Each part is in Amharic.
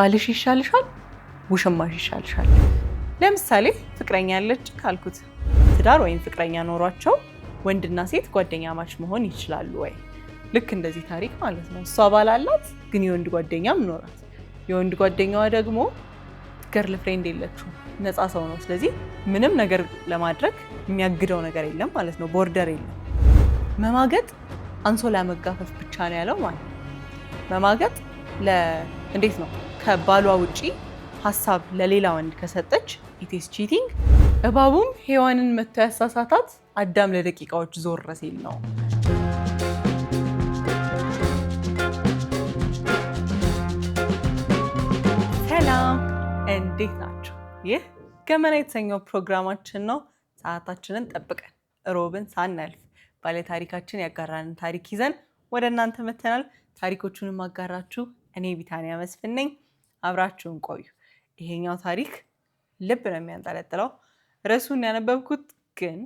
ባልሽ ይሻልሻል፣ ውሽማሽ ይሻልሻል። ለምሳሌ ፍቅረኛ ያለች ካልኩት ትዳር ወይም ፍቅረኛ ኖሯቸው ወንድና ሴት ጓደኛ ማች መሆን ይችላሉ ወይ? ልክ እንደዚህ ታሪክ ማለት ነው። እሷ ባላላት ግን የወንድ ጓደኛም ኖራት፣ የወንድ ጓደኛዋ ደግሞ ገርል ፍሬንድ የለችው፣ ነፃ ሰው ነው። ስለዚህ ምንም ነገር ለማድረግ የሚያግደው ነገር የለም ማለት ነው። ቦርደር የለም። መማገጥ አንሶላ መጋፈፍ ብቻ ነው ያለው ማለት ነው። መማገጥ እንዴት ነው ከባሏ ውጪ ሀሳብ ለሌላ ወንድ ከሰጠች ኢቴስ ቺቲንግ። እባቡም ሔዋንን መጥቶ ያሳሳታት አዳም ለደቂቃዎች ዞር ሲል ነው። ሰላም፣ እንዴት ናቸው? ይህ ገመና የተሰኘው ፕሮግራማችን ነው። ሰዓታችንን ጠብቀን ሮብን ሳናልፍ ባለታሪካችን ያጋራንን ታሪክ ይዘን ወደ እናንተ መተናል። ታሪኮቹንም አጋራችሁ። እኔ ቢታንያ መስፍን ነኝ። አብራችሁን ቆዩ። ይሄኛው ታሪክ ልብ ነው የሚያንጠለጥለው። ርዕሱን ያነበብኩት ግን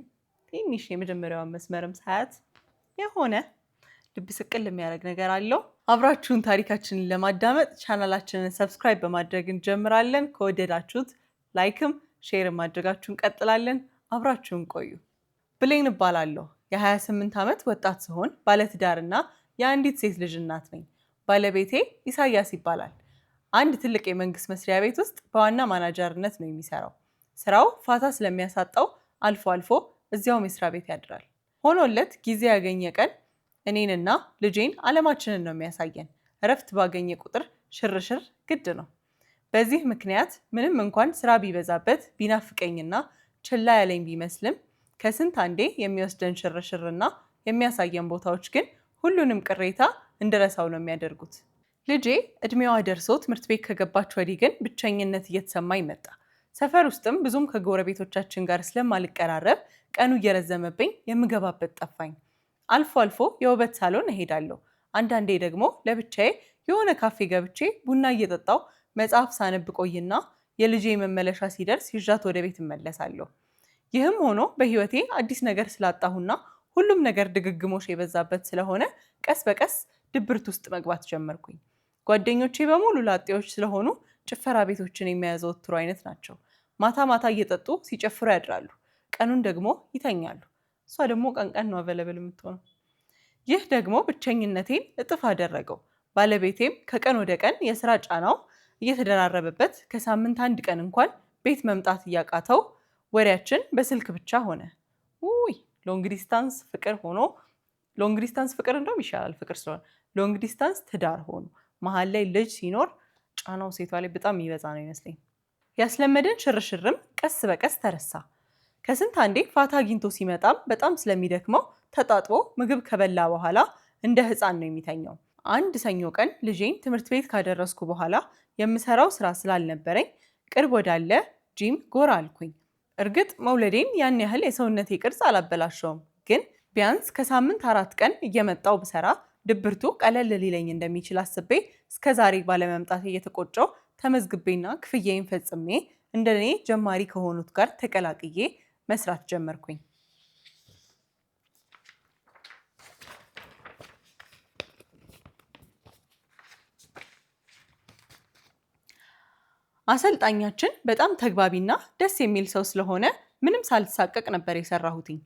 ትንሽ የመጀመሪያውን መስመርም ሳያት የሆነ ልብ ስቅል የሚያደርግ ነገር አለው። አብራችሁን ታሪካችንን ለማዳመጥ ቻናላችንን ሰብስክራይብ በማድረግ እንጀምራለን። ከወደዳችሁት ላይክም ሼርም ማድረጋችሁን ቀጥላለን። አብራችሁን ቆዩ። ብሌን እባላለሁ። የ28 ዓመት ወጣት ስሆን ባለትዳርና የአንዲት ሴት ልጅ እናት ነኝ። ባለቤቴ ኢሳያስ ይባላል። አንድ ትልቅ የመንግስት መስሪያ ቤት ውስጥ በዋና ማናጀርነት ነው የሚሰራው። ስራው ፋታ ስለሚያሳጣው አልፎ አልፎ እዚያው መስሪያ ቤት ያድራል። ሆኖለት ጊዜ ያገኘ ቀን እኔንና ልጄን አለማችንን ነው የሚያሳየን። እረፍት ባገኘ ቁጥር ሽርሽር ግድ ነው። በዚህ ምክንያት ምንም እንኳን ስራ ቢበዛበት ቢናፍቀኝና ችላ ያለኝ ቢመስልም ከስንት አንዴ የሚወስደን ሽርሽርና የሚያሳየን ቦታዎች ግን ሁሉንም ቅሬታ እንድረሳው ነው የሚያደርጉት። ልጄ እድሜዋ ደርሶ ትምህርት ቤት ከገባች ወዲህ ግን ብቸኝነት እየተሰማኝ መጣ። ሰፈር ውስጥም ብዙም ከጎረቤቶቻችን ጋር ስለማልቀራረብ ቀኑ እየረዘመብኝ የምገባበት ጠፋኝ። አልፎ አልፎ የውበት ሳሎን እሄዳለሁ። አንዳንዴ ደግሞ ለብቻዬ የሆነ ካፌ ገብቼ ቡና እየጠጣው መጽሐፍ ሳነብ ቆይና የልጄ መመለሻ ሲደርስ ይዣት ወደ ቤት እመለሳለሁ። ይህም ሆኖ በህይወቴ አዲስ ነገር ስላጣሁና ሁሉም ነገር ድግግሞሽ የበዛበት ስለሆነ ቀስ በቀስ ድብርት ውስጥ መግባት ጀመርኩኝ። ጓደኞቼ በሙሉ ላጤዎች ስለሆኑ ጭፈራ ቤቶችን የሚያዘወትሩ አይነት ናቸው። ማታ ማታ እየጠጡ ሲጨፍሩ ያድራሉ፣ ቀኑን ደግሞ ይተኛሉ። እሷ ደግሞ ቀንቀን ነው አቬለብል የምትሆነው። ይህ ደግሞ ብቸኝነቴን እጥፍ አደረገው። ባለቤቴም ከቀን ወደ ቀን የስራ ጫናው እየተደራረበበት ከሳምንት አንድ ቀን እንኳን ቤት መምጣት እያቃተው ወሬያችን በስልክ ብቻ ሆነ። ውይ ሎንግ ዲስታንስ ፍቅር ሆኖ ሎንግ ዲስታንስ ፍቅር እንደውም ይሻላል ፍቅር ስለሆነ ሎንግ ዲስታንስ ትዳር ሆኖ መሀል ላይ ልጅ ሲኖር ጫናው ሴቷ ላይ በጣም የሚበዛ ነው ይመስለኝ። ያስለመደን ሽርሽርም ቀስ በቀስ ተረሳ። ከስንት አንዴ ፋታ አግኝቶ ሲመጣም በጣም ስለሚደክመው ተጣጥቦ ምግብ ከበላ በኋላ እንደ ህፃን ነው የሚተኘው። አንድ ሰኞ ቀን ልጄን ትምህርት ቤት ካደረስኩ በኋላ የምሰራው ስራ ስላልነበረኝ ቅርብ ወዳለ ጂም ጎራ አልኩኝ። እርግጥ መውለዴን ያን ያህል የሰውነቴ ቅርጽ አላበላሸውም፣ ግን ቢያንስ ከሳምንት አራት ቀን እየመጣው ብሰራ ድብርቱ ቀለል ሊለኝ እንደሚችል አስቤ እስከ ዛሬ ባለመምጣት እየተቆጨው ተመዝግቤና ክፍያዬን ፈጽሜ እንደኔ ጀማሪ ከሆኑት ጋር ተቀላቅዬ መስራት ጀመርኩኝ። አሰልጣኛችን በጣም ተግባቢና ደስ የሚል ሰው ስለሆነ ምንም ሳልሳቀቅ ነበር የሰራሁትኝ።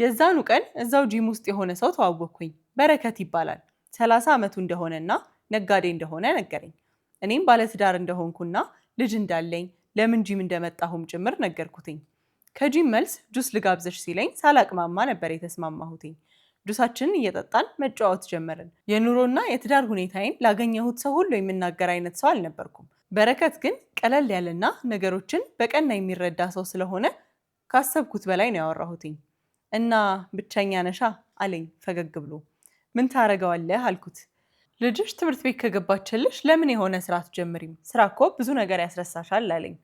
የዛኑ ቀን እዛው ጂም ውስጥ የሆነ ሰው ተዋወቅኩኝ። በረከት ይባላል። ሰላሳ ዓመቱ እንደሆነና ነጋዴ እንደሆነ ነገረኝ። እኔም ባለትዳር እንደሆንኩና ልጅ እንዳለኝ ለምን ጂም እንደመጣሁም ጭምር ነገርኩትኝ። ከጂም መልስ ጁስ ልጋብዘሽ ሲለኝ ሳላቅማማ ነበር የተስማማሁትኝ። ጁሳችንን እየጠጣን መጫወት ጀመርን። የኑሮና የትዳር ሁኔታዬን ላገኘሁት ሰው ሁሉ የምናገር አይነት ሰው አልነበርኩም። በረከት ግን ቀለል ያለና ነገሮችን በቀና የሚረዳ ሰው ስለሆነ ካሰብኩት በላይ ነው ያወራሁትኝ። እና ብቸኛ ነሻ አለኝ ፈገግ ብሎ ምን ታረገዋለህ አልኩት። ልጅሽ ትምህርት ቤት ከገባችልሽ ለምን የሆነ ስራ አትጀምሪም? ስራ እኮ ብዙ ነገር ያስረሳሻል አለኝ።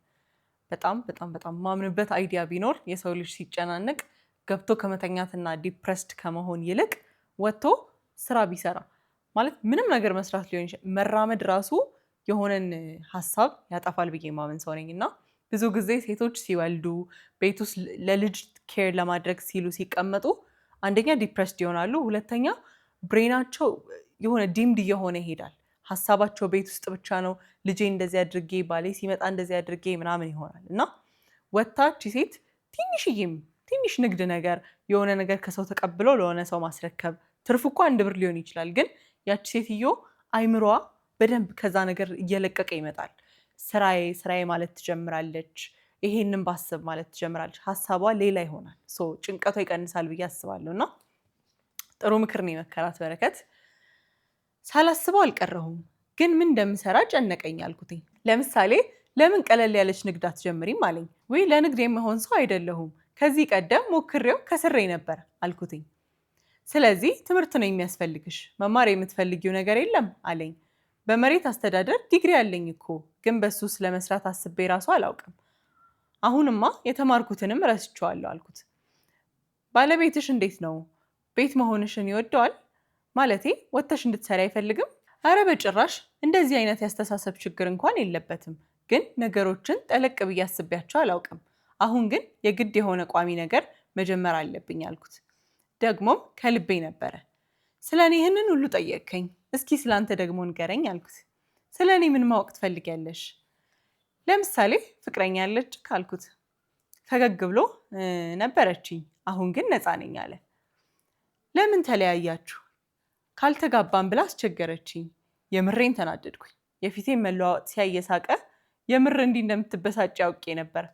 በጣም በጣም በጣም ማምንበት አይዲያ ቢኖር የሰው ልጅ ሲጨናነቅ ገብቶ ከመተኛትና ዲፕረስድ ከመሆን ይልቅ ወጥቶ ስራ ቢሰራ ማለት ምንም ነገር መስራት ሊሆን ይችላል። መራመድ ራሱ የሆነን ሀሳብ ያጠፋል ብዬ ማመን ሰው ነኝ እና ብዙ ጊዜ ሴቶች ሲወልዱ ቤት ውስጥ ለልጅ ኬር ለማድረግ ሲሉ ሲቀመጡ አንደኛ ዲፕረስድ ይሆናሉ፣ ሁለተኛ ብሬናቸው የሆነ ዲምድ እየሆነ ይሄዳል። ሀሳባቸው ቤት ውስጥ ብቻ ነው። ልጄ እንደዚህ አድርጌ፣ ባሌ ሲመጣ እንደዚህ አድርጌ ምናምን ይሆናል እና ወታች ሴት ትንሽዬም ትንሽ ንግድ ነገር የሆነ ነገር ከሰው ተቀብሎ ለሆነ ሰው ማስረከብ ትርፍ እኮ አንድ ብር ሊሆን ይችላል። ግን ያቺ ሴትዮ አይምሯ በደንብ ከዛ ነገር እየለቀቀ ይመጣል። ስራዬ ስራዬ ማለት ትጀምራለች። ይሄንን ባስብ ማለት ትጀምራለች። ሀሳቧ ሌላ ይሆናል። ጭንቀቷ ይቀንሳል ብዬ አስባለሁ እና ጥሩ ምክር ነው የመከራት በረከት። ሳላስበው አልቀረሁም፣ ግን ምን እንደምሰራ ጨነቀኝ አልኩትኝ። ለምሳሌ ለምን ቀለል ያለች ንግድ አትጀምሪም አለኝ። ወይ ለንግድ የመሆን ሰው አይደለሁም፣ ከዚህ ቀደም ሞክሬው ከስሬ ነበር አልኩትኝ። ስለዚህ ትምህርት ነው የሚያስፈልግሽ፣ መማር የምትፈልጊው ነገር የለም አለኝ። በመሬት አስተዳደር ዲግሪ ያለኝ እኮ ግን በሱ ስለመስራት አስቤ ራሱ አላውቅም። አሁንማ የተማርኩትንም ረስቼዋለሁ አልኩት። ባለቤትሽ እንዴት ነው? ቤት መሆንሽን ይወደዋል? ማለቴ ወጥተሽ እንድትሰሪ አይፈልግም? አረ በጭራሽ እንደዚህ አይነት ያስተሳሰብ ችግር እንኳን የለበትም። ግን ነገሮችን ጠለቅ ብዬ አስቤያቸው አላውቅም። አሁን ግን የግድ የሆነ ቋሚ ነገር መጀመር አለብኝ አልኩት። ደግሞም ከልቤ ነበረ። ስለ እኔ ይህንን ሁሉ ጠየቅከኝ፣ እስኪ ስለአንተ ደግሞ ንገረኝ አልኩት። ስለ እኔ ምን ማወቅ ትፈልጊያለሽ? ለምሳሌ ፍቅረኛ ያለች ካልኩት፣ ፈገግ ብሎ ነበረችኝ፣ አሁን ግን ነፃ ነኝ አለ። ለምን ተለያያችሁ ካልተጋባን ብላ አስቸገረችኝ። የምሬን ተናደድኩኝ። የፊቴን መለዋወጥ ሲያይ እየሳቀ የምር እንዲህ እንደምትበሳጭ አውቄ ነበር።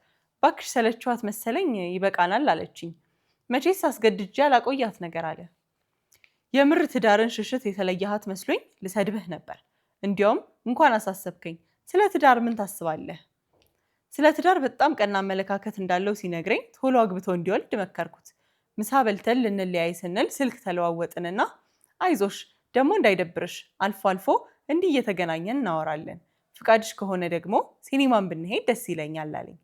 ባክሽ ሰለችኋት መሰለኝ ይበቃናል አለችኝ። መቼስ አስገድጄ አላቆያት ነገር አለ። የምር ትዳርን ሽሽት የተለየሃት መስሎኝ ልሰድብህ ነበር። እንዲያውም እንኳን አሳሰብከኝ። ስለ ትዳር ምን ታስባለህ? ስለ ትዳር በጣም ቀና አመለካከት እንዳለው ሲነግረኝ ቶሎ አግብቶ እንዲወልድ መከርኩት። ምሳ በልተን ልንለያይ ስንል ስልክ ተለዋወጥንና አይዞሽ ደግሞ እንዳይደብርሽ አልፎ አልፎ እንዲህ እየተገናኘን እናወራለን፣ ፍቃድሽ ከሆነ ደግሞ ሲኒማን ብንሄድ ደስ ይለኛል አለኝ።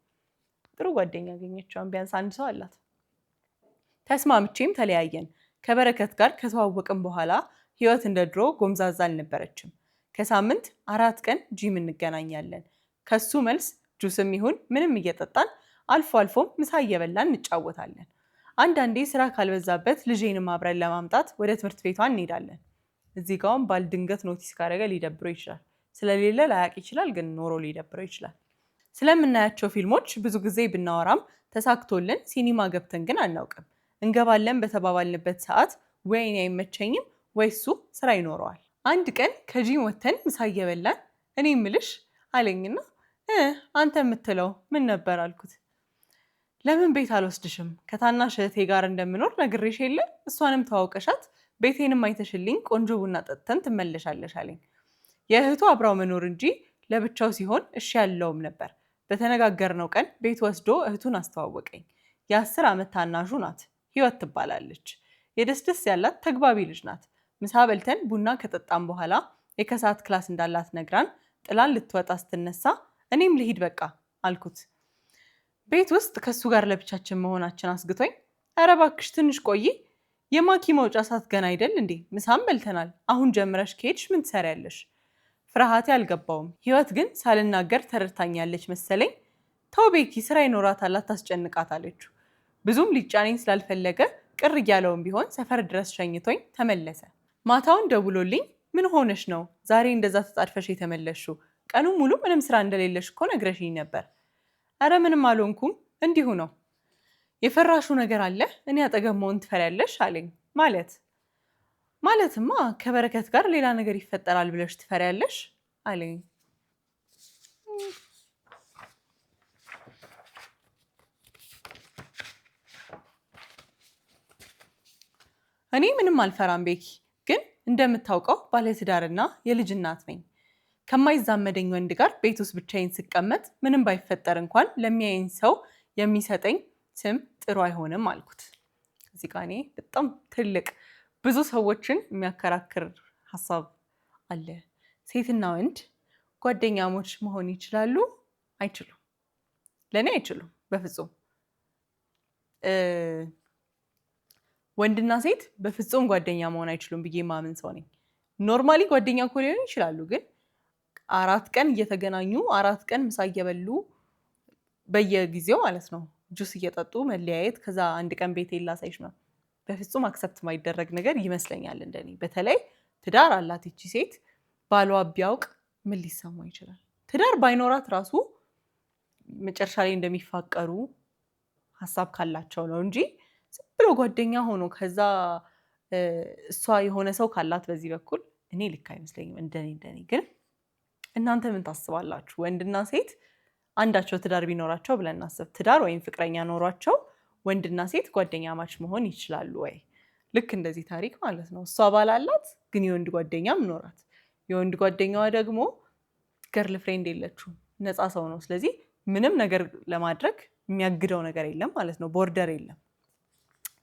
ጥሩ ጓደኛ አገኘችዋን፣ ቢያንስ አንድ ሰው አላት። ተስማምቼም ተለያየን። ከበረከት ጋር ከተዋወቅን በኋላ ህይወት እንደ ድሮ ጎምዛዛ አልነበረችም። ከሳምንት አራት ቀን ጂም እንገናኛለን። ከሱ መልስ ጁስም ይሁን ምንም እየጠጣን አልፎ አልፎም ምሳ እየበላን እንጫወታለን። አንዳንዴ ስራ ካልበዛበት ልጄንም አብረን ለማምጣት ወደ ትምህርት ቤቷ እንሄዳለን። እዚህ ጋውም ባል ድንገት ኖቲስ ካደረገ ሊደብረው ይችላል። ስለሌለ ላያቅ ይችላል፣ ግን ኖሮ ሊደብረው ይችላል። ስለምናያቸው ፊልሞች ብዙ ጊዜ ብናወራም ተሳክቶልን ሲኒማ ገብተን ግን አናውቅም። እንገባለን በተባባልንበት ሰዓት ወይ እኔ አይመቸኝም ወይ እሱ ስራ ይኖረዋል። አንድ ቀን ከጂም ወተን ምሳ እየበላን እኔ ምልሽ አለኝና አንተ የምትለው ምን ነበር አልኩት። ለምን ቤት አልወስድሽም? ከታናሽ እህቴ ጋር እንደምኖር ነግሬሽ የለ እሷንም ተዋውቀሻት ቤቴንም አይተሽልኝ ቆንጆ ቡና ጠጥተን ትመለሻለሽ አለኝ። የእህቱ አብራው መኖር እንጂ ለብቻው ሲሆን እሺ ያለውም ነበር። በተነጋገርነው ቀን ቤት ወስዶ እህቱን አስተዋወቀኝ። የአስር ዓመት ታናሹ ናት። ህይወት ትባላለች። የደስደስ ያላት ተግባቢ ልጅ ናት። ምሳ በልተን ቡና ከጠጣም በኋላ የከሰዓት ክላስ እንዳላት ነግራን ጥላን ልትወጣ ስትነሳ እኔም ልሂድ በቃ አልኩት። ቤት ውስጥ ከእሱ ጋር ለብቻችን መሆናችን አስግቶኝ፣ ኧረ እባክሽ ትንሽ ቆይ፣ የማኪ መውጫ ሰዓት ገና አይደል እንዴ? ምሳም በልተናል። አሁን ጀምረሽ ከሄድሽ ምን ትሰሪያለሽ? ፍርሃቴ አልገባውም። ህይወት ግን ሳልናገር ተረድታኛለች መሰለኝ። ተው ቤኪ፣ ስራ ይኖራታል አታስጨንቃት አለችው። ብዙም ሊጫነኝ ስላልፈለገ ቅር እያለውም ቢሆን ሰፈር ድረስ ሸኝቶኝ ተመለሰ። ማታውን ደውሎልኝ ምን ሆነሽ ነው ዛሬ እንደዛ ተጣድፈሽ የተመለሽው? ቀኑ ሙሉ ምንም ስራ እንደሌለሽ እኮ ነግረሽኝ ነበር። አረ ምንም አልሆንኩም እንዲሁ ነው። የፈራሹ ነገር አለ እኔ አጠገብ መሆን ትፈሪያለሽ አለኝ። ማለት ማለትማ ከበረከት ጋር ሌላ ነገር ይፈጠራል ብለሽ ትፈሪያለሽ አለኝ። እኔ ምንም አልፈራም ቤኪ፣ ግን እንደምታውቀው ባለትዳርና የልጅ እናት ነኝ። ከማይዛመደኝ ወንድ ጋር ቤት ውስጥ ብቻዬን ስቀመጥ ምንም ባይፈጠር እንኳን ለሚያየኝ ሰው የሚሰጠኝ ስም ጥሩ አይሆንም አልኩት። እዚህ ጋ እኔ በጣም ትልቅ ብዙ ሰዎችን የሚያከራክር ሀሳብ አለ። ሴትና ወንድ ጓደኛሞች መሆን ይችላሉ? አይችሉም። ለእኔ አይችሉም በፍጹም። ወንድና ሴት በፍጹም ጓደኛ መሆን አይችሉም ብዬ ማምን ሰው ነኝ። ኖርማሊ ጓደኛ እኮ ሊሆን ይችላሉ ግን አራት ቀን እየተገናኙ አራት ቀን ምሳ እየበሉ በየጊዜው ማለት ነው ጁስ እየጠጡ መለያየት፣ ከዛ አንድ ቀን ቤት ላሳይሽ ነው በፍጹም አክሰፕት የማይደረግ ነገር ይመስለኛል እንደኔ። በተለይ ትዳር አላት ይቺ ሴት ባሏ ቢያውቅ ምን ሊሰማ ይችላል? ትዳር ባይኖራት ራሱ መጨረሻ ላይ እንደሚፋቀሩ ሀሳብ ካላቸው ነው እንጂ ዝም ብሎ ጓደኛ ሆኖ ከዛ እሷ የሆነ ሰው ካላት በዚህ በኩል እኔ ልክ አይመስለኝም። እንደኔ እንደኔ ግን እናንተ ምን ታስባላችሁ? ወንድና ሴት አንዳቸው ትዳር ቢኖራቸው ብለን እናስብ። ትዳር ወይም ፍቅረኛ ኖሯቸው ወንድና ሴት ጓደኛ ማች መሆን ይችላሉ ወይ? ልክ እንደዚህ ታሪክ ማለት ነው። እሷ ባላላት ግን የወንድ ጓደኛም ኖራት። የወንድ ጓደኛዋ ደግሞ ገርል ፍሬንድ የለችውም፣ ነፃ ሰው ነው። ስለዚህ ምንም ነገር ለማድረግ የሚያግደው ነገር የለም ማለት ነው። ቦርደር የለም።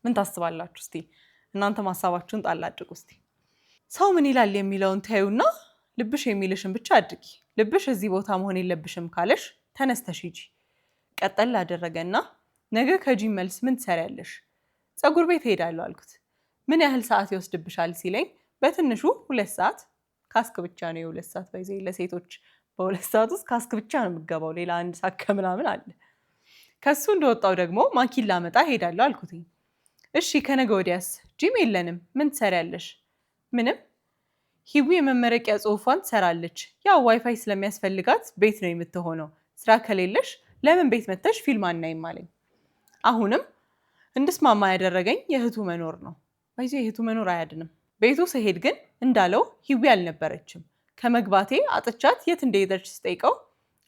ምን ታስባላችሁ? እስቲ እናንተ ማሳባችሁን ጣል አድርጉ። እስቲ ሰው ምን ይላል የሚለውን ታዩና ልብሽ የሚልሽን ብቻ አድርጊ። ልብሽ እዚህ ቦታ መሆን የለብሽም ካለሽ ተነስተሽ ሂጂ። ቀጠል አደረገና ነገ ከጂም መልስ ምን ትሰሪያለሽ? ፀጉር ቤት እሄዳለሁ አልኩት። ምን ያህል ሰዓት ይወስድብሻል ሲለኝ በትንሹ ሁለት ሰዓት ካስክ ብቻ ነው። የሁለት ሰዓት ባይዜ ለሴቶች በሁለት ሰዓት ውስጥ ካስክ ብቻ ነው የምገባው። ሌላ አንድ ሰዓት ከምናምን አለ። ከሱ እንደወጣው ደግሞ ማኪን ላመጣ እሄዳለሁ አልኩትኝ። እሺ ከነገ ወዲያስ? ጂም የለንም። ምን ትሰሪያለሽ? ምንም ሂዊ የመመረቂያ ጽሁፏን ትሰራለች። ያው ዋይፋይ ስለሚያስፈልጋት ቤት ነው የምትሆነው። ስራ ከሌለሽ ለምን ቤት መተሽ ፊልም አናይም አለኝ። አሁንም እንድስማማ ያደረገኝ የእህቱ መኖር ነው። ባይዞ የእህቱ መኖር አያድንም። ቤቱ ስሄድ ግን እንዳለው ሂዊ አልነበረችም። ከመግባቴ አጥቻት የት እንደሄደች ስጠይቀው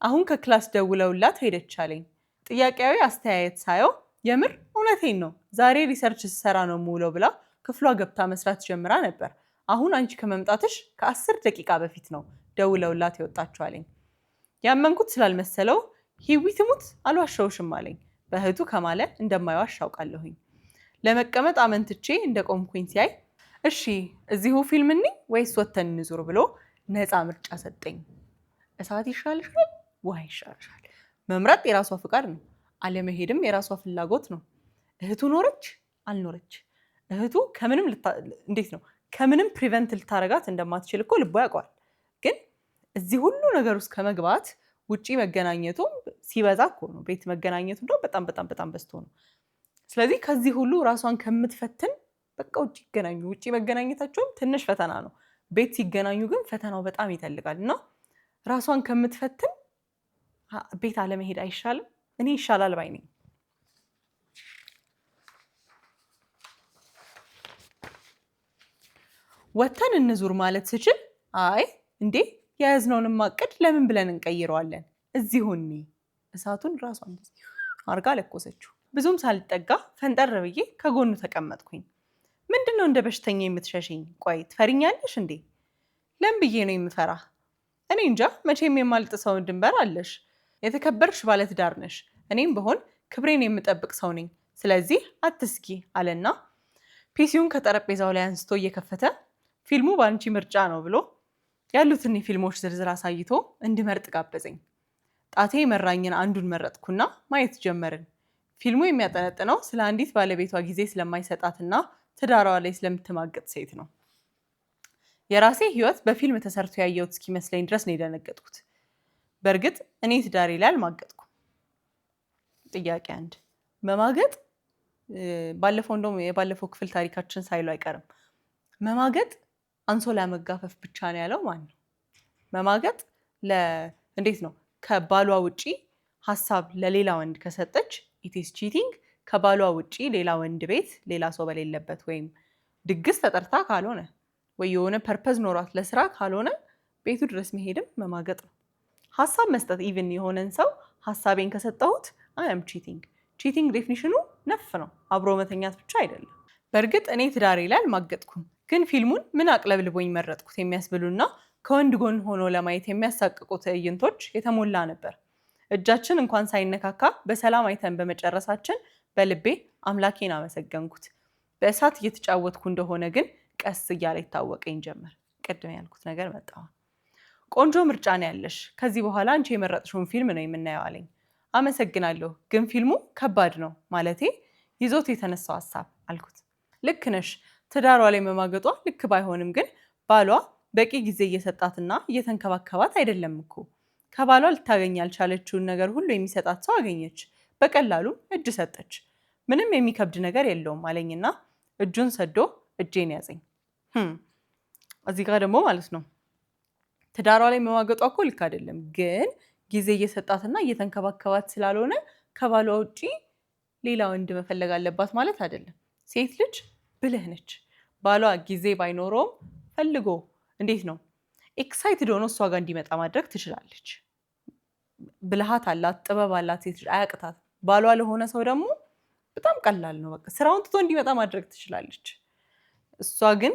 አሁን ከክላስ ደውለውላት ሄደች አለኝ። ጥያቄያዊ አስተያየት ሳየው የምር እውነቴን ነው ዛሬ ሪሰርች ስሰራ ነው የምውለው ብላ ክፍሏ ገብታ መስራት ጀምራ ነበር። አሁን አንቺ ከመምጣትሽ ከአስር ደቂቃ በፊት ነው ደውለውላት የወጣችሁ ያመንኩት ስላልመሰለው ሂዊ ትሙት አልዋሸውሽም አለኝ። በእህቱ ከማለ እንደማይዋሽ አውቃለሁኝ። ለመቀመጥ አመንትቼ እንደ ቆምኩኝ ሲያይ እሺ እዚሁ ፊልም እኒ ወይስ ወተን እንዙር ብሎ ነፃ ምርጫ ሰጠኝ። እሳት ይሻልሻል፣ ውሃ ይሻልሻል። መምረጥ የራሷ ፍቃድ ነው፣ አለመሄድም የራሷ ፍላጎት ነው። እህቱ ኖረች አልኖረች እህቱ ከምንም እንዴት ነው ከምንም ፕሪቨንት ልታረጋት እንደማትችል እኮ ልቦ ያውቀዋል። ግን እዚህ ሁሉ ነገር ውስጥ ከመግባት ውጪ መገናኘቱ ሲበዛ እኮ ነው። ቤት መገናኘቱ እንደው በጣም በጣም በጣም በዝቶ ነው። ስለዚህ ከዚህ ሁሉ ራሷን ከምትፈትን በቃ ውጭ ይገናኙ። ውጭ መገናኘታቸውም ትንሽ ፈተና ነው። ቤት ሲገናኙ ግን ፈተናው በጣም ይተልቃል እና ራሷን ከምትፈትን ቤት አለመሄድ አይሻልም? እኔ ይሻላል ባይ ነኝ። ወተን እንዙር ማለት ስችል አይ እንዴ የያዝነውን ማቅድ ለምን ብለን እንቀይረዋለን? እዚሁኒ እሳቱን ራሷን አርጋ ለኮሰችው። ብዙም ሳልጠጋ ፈንጠር ብዬ ከጎኑ ተቀመጥኩኝ። ምንድን ነው እንደ በሽተኛ የምትሸሽኝ? ቆይ ትፈሪኛለሽ እንዴ? ለም ብዬ ነው የምፈራ። እኔ እንጃ መቼም የማልጥ ሰውን ድንበር አለሽ። የተከበርሽ ባለትዳር ነሽ። እኔም በሆን ክብሬን የምጠብቅ ሰው ነኝ። ስለዚህ አትስጊ አለና ፒሲውን ከጠረጴዛው ላይ አንስቶ እየከፈተ ፊልሙ በአንቺ ምርጫ ነው ብሎ ያሉትን ፊልሞች ዝርዝር አሳይቶ እንድመርጥ ጋበዘኝ። ጣቴ መራኝን አንዱን መረጥኩና ማየት ጀመርን። ፊልሙ የሚያጠነጥነው ስለ አንዲት ባለቤቷ ጊዜ ስለማይሰጣትና ትዳሯ ላይ ስለምትማገጥ ሴት ነው። የራሴ ህይወት በፊልም ተሰርቶ ያየሁት እስኪመስለኝ ድረስ ነው የደነገጥኩት። በእርግጥ እኔ ትዳሬ ላይ አልማገጥኩም። ጥያቄ አንድ መማገጥ ባለፈው እንደውም የባለፈው ክፍል ታሪካችን ሳይሉ አይቀርም መማገጥ አንሶላ መጋፈፍ ብቻ ነው ያለው ማን ነው? መማገጥ እንዴት ነው? ከባሏ ውጪ ሀሳብ ለሌላ ወንድ ከሰጠች ኢትስ ቺቲንግ። ከባሏ ውጪ ሌላ ወንድ ቤት ሌላ ሰው በሌለበት ወይም ድግስ ተጠርታ ካልሆነ ወይ የሆነ ፐርፐዝ ኖሯት ለስራ ካልሆነ ቤቱ ድረስ መሄድም መማገጥ ነው። ሀሳብ መስጠት ኢቭን የሆነን ሰው ሀሳቤን ከሰጠሁት አይም ቺቲንግ። ቺቲንግ ዴፊኒሽኑ ነፍ ነው፣ አብሮ መተኛት ብቻ አይደለም። በእርግጥ እኔ ትዳሬ ላይ አልማገጥኩም ግን ፊልሙን ምን አቅለብልቦኝ መረጥኩት የሚያስብሉና ከወንድ ጎን ሆኖ ለማየት የሚያሳቅቁ ትዕይንቶች የተሞላ ነበር። እጃችን እንኳን ሳይነካካ በሰላም አይተን በመጨረሳችን በልቤ አምላኬን አመሰገንኩት። በእሳት እየተጫወትኩ እንደሆነ ግን ቀስ እያለ ይታወቀኝ ጀመር። ቅድም ያልኩት ነገር መጣ። ቆንጆ ምርጫ ነው ያለሽ፣ ከዚህ በኋላ አንቺ የመረጥሽውን ፊልም ነው የምናየው አለኝ። አመሰግናለሁ፣ ግን ፊልሙ ከባድ ነው ማለቴ ይዞት የተነሳው ሀሳብ አልኩት። ልክ ነሽ ትዳሯ ላይ መማገጧ ልክ ባይሆንም ግን ባሏ በቂ ጊዜ እየሰጣትና እየተንከባከባት አይደለም እኮ። ከባሏ ልታገኝ ያልቻለችውን ነገር ሁሉ የሚሰጣት ሰው አገኘች። በቀላሉ እጅ ሰጠች። ምንም የሚከብድ ነገር የለውም አለኝና እጁን ሰዶ እጄን ያዘኝ። hm እዚህ ጋር ደግሞ ማለት ነው ትዳሯ ላይ መማገጧ እኮ ልክ አይደለም፣ ግን ጊዜ እየሰጣትና እየተንከባከባት ስላልሆነ ከባሏ ውጪ ሌላ ወንድ መፈለግ አለባት ማለት አይደለም። ሴት ልጅ ብልህ ነች። ባሏ ጊዜ ባይኖረውም ፈልጎ እንዴት ነው ኤክሳይትድ ሆኖ እሷ ጋር እንዲመጣ ማድረግ ትችላለች። ብልሃት አላት፣ ጥበብ አላት፣ ሴት ልጅ አያቅታት። ባሏ ለሆነ ሰው ደግሞ በጣም ቀላል ነው። በቃ ስራውን ትቶ እንዲመጣ ማድረግ ትችላለች። እሷ ግን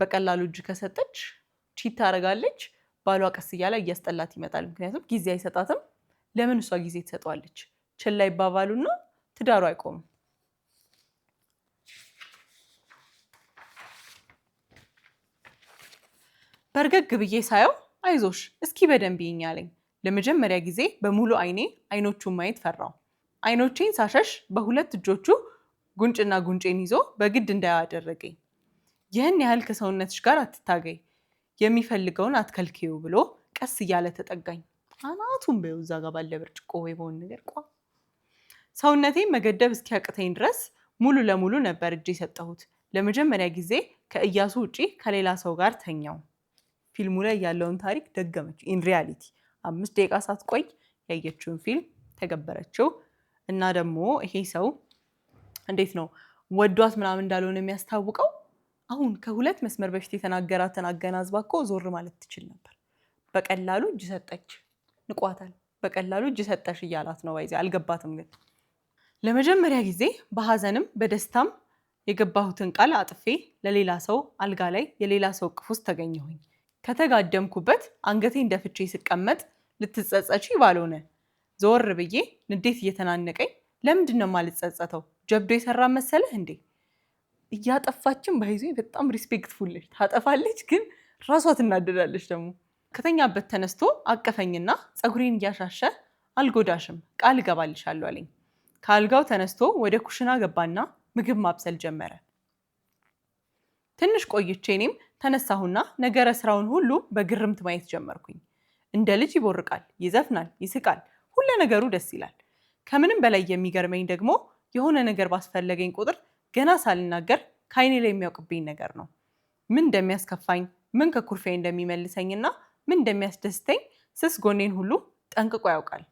በቀላሉ እጅ ከሰጠች ቺት ታደርጋለች። ባሏ ቀስ እያለ እያስጠላት ይመጣል። ምክንያቱም ጊዜ አይሰጣትም። ለምን እሷ ጊዜ ትሰጠዋለች? ችላ ይባባሉና ትዳሩ አይቆምም። በርገግ ብዬ ሳየው አይዞሽ እስኪ በደንብ ይኝ ለመጀመሪያ ጊዜ በሙሉ አይኔ አይኖቹን ማየት ፈራው። አይኖቼን ሳሸሽ በሁለት እጆቹ ጉንጭና ጉንጬን ይዞ በግድ እንዳያ አደረገኝ። ይህን ያህል ከሰውነትሽ ጋር አትታገይ፣ የሚፈልገውን አትከልክዩ ብሎ ቀስ እያለ ተጠጋኝ። አናቱን በይው እዛ ጋ ባለ ብርጭቆ ወይ በሆን ነገር ቋ ሰውነቴን መገደብ እስኪያቅተኝ ድረስ ሙሉ ለሙሉ ነበር እጅ የሰጠሁት። ለመጀመሪያ ጊዜ ከእያሱ ውጪ ከሌላ ሰው ጋር ተኛው። ፊልሙ ላይ ያለውን ታሪክ ደገመችው። ኢን ሪያሊቲ አምስት ደቂቃ ሳትቆይ ያየችውን ፊልም ተገበረችው። እና ደግሞ ይሄ ሰው እንዴት ነው ወዷት ምናምን እንዳልሆነ የሚያስታውቀው አሁን ከሁለት መስመር በፊት የተናገራትን አገናዝባ እኮ ዞር ማለት ትችል ነበር። በቀላሉ እጅ ሰጠች፣ ንቋታል። በቀላሉ እጅ ሰጠሽ እያላት ነው። ይዜ አልገባትም። ግን ለመጀመሪያ ጊዜ በሀዘንም በደስታም የገባሁትን ቃል አጥፌ ለሌላ ሰው አልጋ ላይ የሌላ ሰው እቅፍ ውስጥ ተገኘሁኝ። ከተጋደምኩበት አንገቴን ደፍቼ ስቀመጥ ልትጸጸች ባልሆነ ዘወር ብዬ ንዴት እየተናነቀኝ ለምንድን ነው የማልጸጸተው? ጀብዶ የሰራ መሰለህ እንዴ? እያጠፋችን በይዞ በጣም ሪስፔክትፉል ታጠፋለች፣ ግን ራሷ ትናደዳለች። ደግሞ ከተኛበት ተነስቶ አቀፈኝና ፀጉሬን እያሻሸ አልጎዳሽም ቃል እገባልሻለሁ አለኝ። ከአልጋው ተነስቶ ወደ ኩሽና ገባና ምግብ ማብሰል ጀመረ። ትንሽ ቆይቼ እኔም ተነሳሁና ነገረ ስራውን ሁሉ በግርምት ማየት ጀመርኩኝ። እንደ ልጅ ይቦርቃል፣ ይዘፍናል፣ ይስቃል፣ ሁለ ነገሩ ደስ ይላል። ከምንም በላይ የሚገርመኝ ደግሞ የሆነ ነገር ባስፈለገኝ ቁጥር ገና ሳልናገር ከአይኔ ላይ የሚያውቅብኝ ነገር ነው። ምን እንደሚያስከፋኝ፣ ምን ከኩርፌ እንደሚመልሰኝና ምን እንደሚያስደስተኝ ስስ ጎኔን ሁሉ ጠንቅቆ ያውቃል።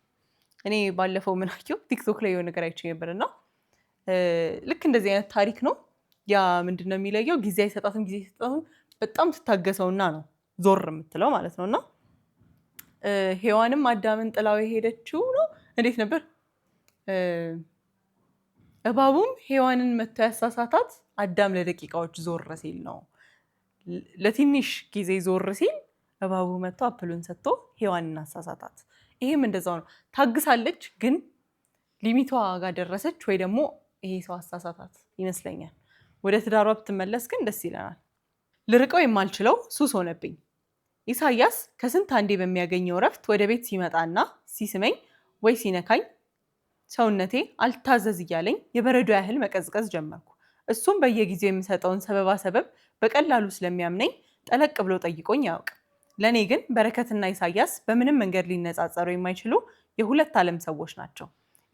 እኔ ባለፈው ምናቸው ቲክቶክ ላይ የሆነ ነገር አይቼ ነበርና ልክ እንደዚህ አይነት ታሪክ ነው። ያ ምንድን ነው የሚለየው? ጊዜ አይሰጣትም፣ ጊዜ አይሰጣትም በጣም ትታገሰውና ነው ዞር የምትለው ማለት ነው። እና ሔዋንም አዳምን ጥላው የሄደችው ነው እንዴት ነበር? እባቡም ሔዋንን መቶ ያሳሳታት አዳም ለደቂቃዎች ዞር ሲል ነው። ለትንሽ ጊዜ ዞር ሲል እባቡ መጥቶ አፕሉን ሰጥቶ ሔዋንን አሳሳታት። ይህም እንደዛው ነው። ታግሳለች፣ ግን ሊሚቷ ጋር ደረሰች ወይ ደግሞ ይሄ ሰው አሳሳታት ይመስለኛል። ወደ ትዳሯ ብትመለስ ግን ደስ ይለናል። ልርቀው የማልችለው ሱስ ሆነብኝ። ኢሳያስ ከስንት አንዴ በሚያገኘው እረፍት ወደ ቤት ሲመጣና ሲስመኝ ወይ ሲነካኝ ሰውነቴ አልታዘዝ እያለኝ የበረዶ ያህል መቀዝቀዝ ጀመርኩ። እሱም በየጊዜው የሚሰጠውን ሰበባ ሰበብ በቀላሉ ስለሚያምነኝ ጠለቅ ብሎ ጠይቆኝ አያውቅም። ለእኔ ግን በረከትና ኢሳያስ በምንም መንገድ ሊነጻጸሩ የማይችሉ የሁለት ዓለም ሰዎች ናቸው።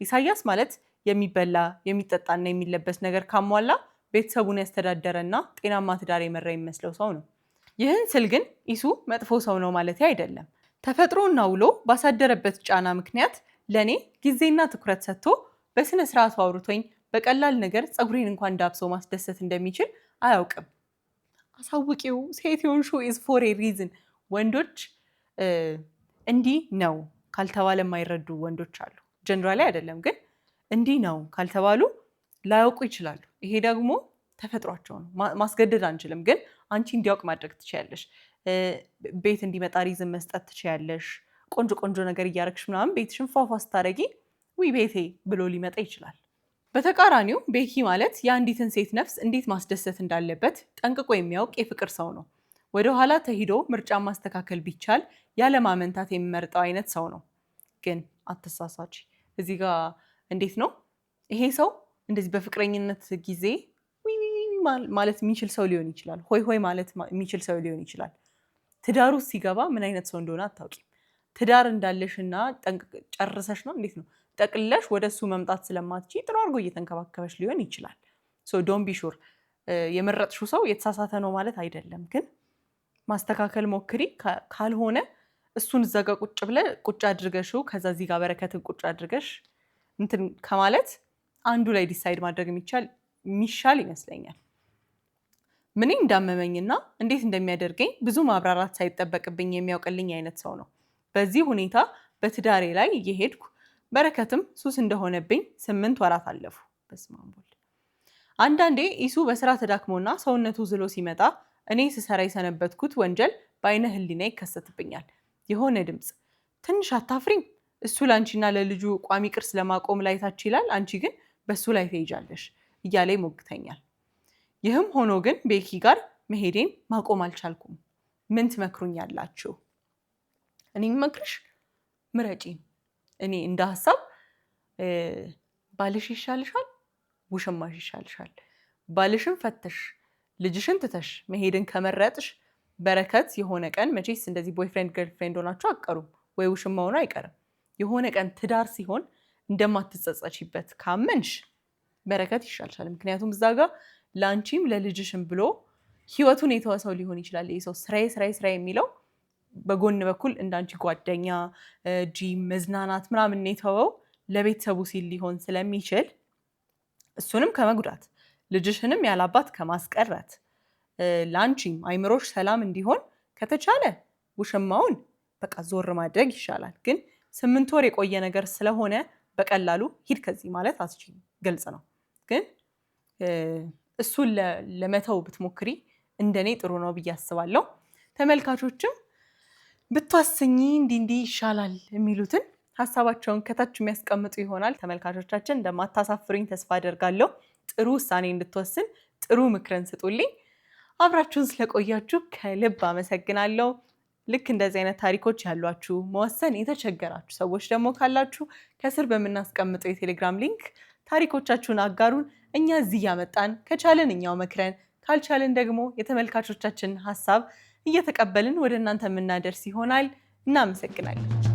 ኢሳያስ ማለት የሚበላ የሚጠጣና የሚለበስ ነገር ካሟላ ቤተሰቡን ያስተዳደረና ጤናማ ትዳር የመራ የሚመስለው ሰው ነው። ይህን ስል ግን ኢሱ መጥፎ ሰው ነው ማለት አይደለም። ተፈጥሮና ውሎ ባሳደረበት ጫና ምክንያት ለእኔ ጊዜና ትኩረት ሰጥቶ በስነ ስርዓቱ አውርቶኝ በቀላል ነገር ፀጉሬን እንኳን ዳብሶ ማስደሰት እንደሚችል አያውቅም። አሳውቂው ሴት ዮንሹ ኢዝ ፎር ኤ ሪዝን። ወንዶች እንዲህ ነው ካልተባለ የማይረዱ ወንዶች አሉ። ጀነራሊ አይደለም ግን እንዲህ ነው ካልተባሉ ላያውቁ ይችላሉ። ይሄ ደግሞ ተፈጥሯቸው ነው፣ ማስገደድ አንችልም። ግን አንቺ እንዲያውቅ ማድረግ ትችያለሽ። ቤት እንዲመጣ ሪዝም መስጠት ትችያለሽ። ቆንጆ ቆንጆ ነገር እያረግሽ ምናምን ቤትሽን ፏፏ ስታደርጊ ዊ ቤቴ ብሎ ሊመጣ ይችላል። በተቃራኒው ቤኪ ማለት የአንዲትን ሴት ነፍስ እንዴት ማስደሰት እንዳለበት ጠንቅቆ የሚያውቅ የፍቅር ሰው ነው። ወደኋላ ተሂዶ ምርጫ ማስተካከል ቢቻል ያለማመንታት የሚመርጠው አይነት ሰው ነው። ግን አተሳሳች እዚህ ጋር እንዴት ነው ይሄ ሰው እንደዚህ በፍቅረኝነት ጊዜ ማለት የሚችል ሰው ሊሆን ይችላል። ሆይ ሆይ ማለት የሚችል ሰው ሊሆን ይችላል። ትዳሩ ሲገባ ምን አይነት ሰው እንደሆነ አታውቂም። ትዳር እንዳለሽ እና ጨርሰሽ ነው እንዴት ነው ጠቅለሽ ወደ እሱ መምጣት ስለማትች ጥሩ አድርጎ እየተንከባከበች ሊሆን ይችላል። ዶን ሹር የመረጥሽው ሰው የተሳሳተ ነው ማለት አይደለም፣ ግን ማስተካከል ሞክሪ። ካልሆነ እሱን እዛ ጋር ቁጭ ብለ ቁጭ አድርገሽው ከዛ እዚህ በረከትን ቁጭ አድርገሽ እንትን ከማለት አንዱ ላይ ዲሳይድ ማድረግ የሚቻል የሚሻል ይመስለኛል። ምን እንዳመመኝና እንዴት እንደሚያደርገኝ ብዙ ማብራራት ሳይጠበቅብኝ የሚያውቅልኝ አይነት ሰው ነው። በዚህ ሁኔታ በትዳሬ ላይ እየሄድኩ በረከትም ሱስ እንደሆነብኝ ስምንት ወራት አለፉ። በስመ አንዳንዴ ኢሱ በስራ ተዳክሞና ሰውነቱ ዝሎ ሲመጣ እኔ ስሰራ የሰነበትኩት ወንጀል በአይነ ህሊና ይከሰትብኛል። የሆነ ድምፅ ትንሽ አታፍሪም? እሱ ለአንቺና ለልጁ ቋሚ ቅርስ ለማቆም ላይታች ይላል። አንቺ ግን በሱ ላይ ትሄጃለሽ እያለ ይሞግተኛል። ይህም ሆኖ ግን ቤኪ ጋር መሄዴን ማቆም አልቻልኩም። ምን ትመክሩኛላችሁ? እኔ መክርሽ ምረጪን። እኔ እንደ ሀሳብ ባልሽ ይሻልሻል፣ ውሽማሽ ይሻልሻል። ባልሽን ፈተሽ ልጅሽን ትተሽ መሄድን ከመረጥሽ በረከት የሆነ ቀን መቼስ እንደዚህ ቦይፍሬንድ ገርልፍሬንድ ሆናችሁ አቀሩም ወይ ውሽማ ሆኖ አይቀርም። የሆነ ቀን ትዳር ሲሆን እንደማትጸጸችበት ካመንሽ በረከት ይሻልሻል። ምክንያቱም እዛ ጋር ለአንቺም ለልጅሽም ብሎ ህይወቱን የተወሰው ሊሆን ይችላል። ይህ ሰው ስራዬ ስራዬ ስራ የሚለው በጎን በኩል እንዳንቺ ጓደኛ፣ ጂም፣ መዝናናት ምናምን የተወው ለቤተሰቡ ሲል ሊሆን ስለሚችል እሱንም ከመጉዳት ልጅሽንም ያላባት ከማስቀረት ለአንቺም አይምሮሽ ሰላም እንዲሆን ከተቻለ ውሽማውን በቃ ዞር ማድረግ ይሻላል። ግን ስምንት ወር የቆየ ነገር ስለሆነ በቀላሉ ሂድ ከዚህ ማለት አስቺ ገልጽ ነው። ግን እሱን ለመተው ብትሞክሪ እንደኔ ጥሩ ነው ብዬ አስባለሁ። ተመልካቾችም ብትዋሰኝ እንዲህ እንዲህ ይሻላል የሚሉትን ሀሳባቸውን ከታች የሚያስቀምጡ ይሆናል። ተመልካቾቻችን እንደማታሳፍሩኝ ተስፋ አደርጋለሁ። ጥሩ ውሳኔ እንድትወስን ጥሩ ምክርን ስጡልኝ። አብራችሁን ስለቆያችሁ ከልብ አመሰግናለሁ። ልክ እንደዚህ አይነት ታሪኮች ያሏችሁ መወሰን የተቸገራችሁ ሰዎች ደግሞ ካላችሁ ከስር በምናስቀምጠው የቴሌግራም ሊንክ ታሪኮቻችሁን አጋሩን። እኛ እዚህ እያመጣን ከቻልን እኛው መክረን ካልቻልን ደግሞ የተመልካቾቻችንን ሀሳብ እየተቀበልን ወደ እናንተ የምናደርስ ይሆናል። እናመሰግናለን።